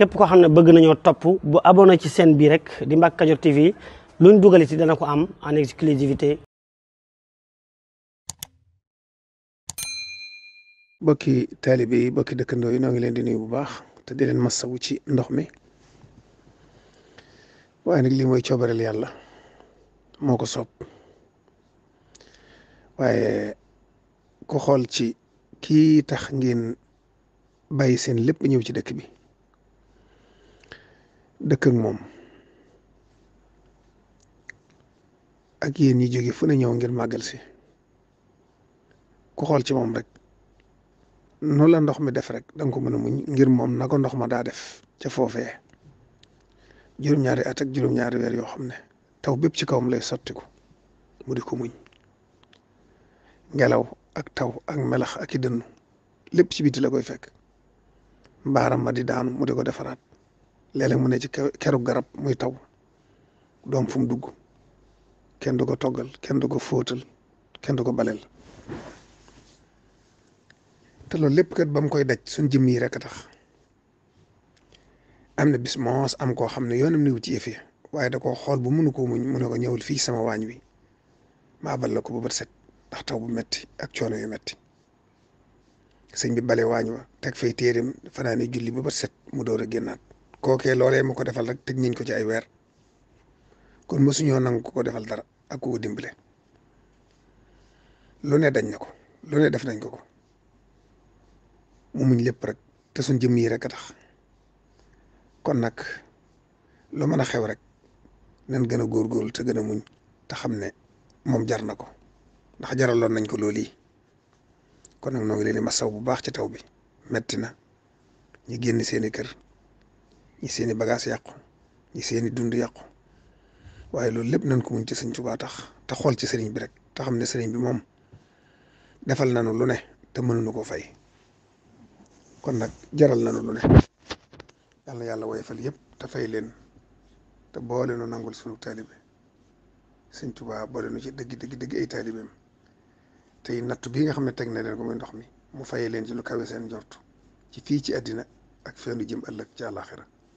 képp koo xam ne bëgg nañoo topp bu abonné ci seen bi rek di Mbacke Kadior TV luñ dugal ci dana ko am en exclusivité bokki taalibe yi bokki dëkkandoo yi noo ngi leen di nuyu bu baax te di leen masawu ci ndox mi waaye nag lii mooy coobareel yàlla moo ko soob waaye ku xool ci kii tax ngeen bàyyi seen lépp ñëw ci dëkk bi dëkk ak moom ak yéen ñi jóge fu ne ñëw ngir màggal si ku xool ci moom rek nu la ndox mi def rek danga ko mën a muñ ngir moom na ndox ma daa def ca foofe juróom-ñaari at ak juróom-ñaari weer yoo xam ne taw bépp ci kawam lay sottiku mu di ko muñ ngelaw ak taw ak melax ak i dënnu lépp ci biti la koy fekk mbaaram ma di daanu mu di ko defaraat léeg-léeg mu ne ci keru garab muy taw doom fu mu dugg kenn du ko toggal kenn du ko fóotal kenn du ko baleel te loolu lépp kat ba mu koy daj suñ jëmm yi rek a tax am na bis moos am koo xam ne yoonam ne wut ci fi yi waaye da koo xool bu mënu ko muñ mu ne ko ñëwul fii sama waañ wi maa bal la ko ba bët set ndax taw bu metti ak coono yu metti sëñ bi bale waañ wa teg fay téereem fanaane julli ba bët set mu door a génnaat kookee loole moo ko defal rek teg nañ ko ci ay weer kon mësuñoo nang ko defal dara ak ku ko dimbale lu ne dañ na ko lu ne def nañ ko ko mu muñ lépp rek te suñ jëm yi rek a tax kon nag lu mën a xew rek nañ gën a góorgóorlu te gën a muñ te xam ne moom jar na ko ndax jaral jaraloon nañ ko lool yi kon nag noo ngi leen di bu baax ci taw bi metti na ñu génn seeni kër ñi seeni bagaas bagage yàqu ñi seeni i dund yàqu waaye loolu lépp nañ ko muñ ci sëñ Tuubaa tax te xool ci sëriñ bi rek te xam ne sëriñ bi moom defal nañu lu ne te mënuñu ko fay kon nag jaral nañu lu ne yal na yàlla woyofal yëpp te fay leen te boole nu nangul sunu taalibe sëñ Tuubaa boole nu ci dëgg dëgg dëgg ay taalibeem tey natt bii nga xam ne teg na leen ko muy ndox mi mu fayee leen ci lu kawe seen jort ci fii ci àddina ak feenu jëm ëllëg ci àllaaxira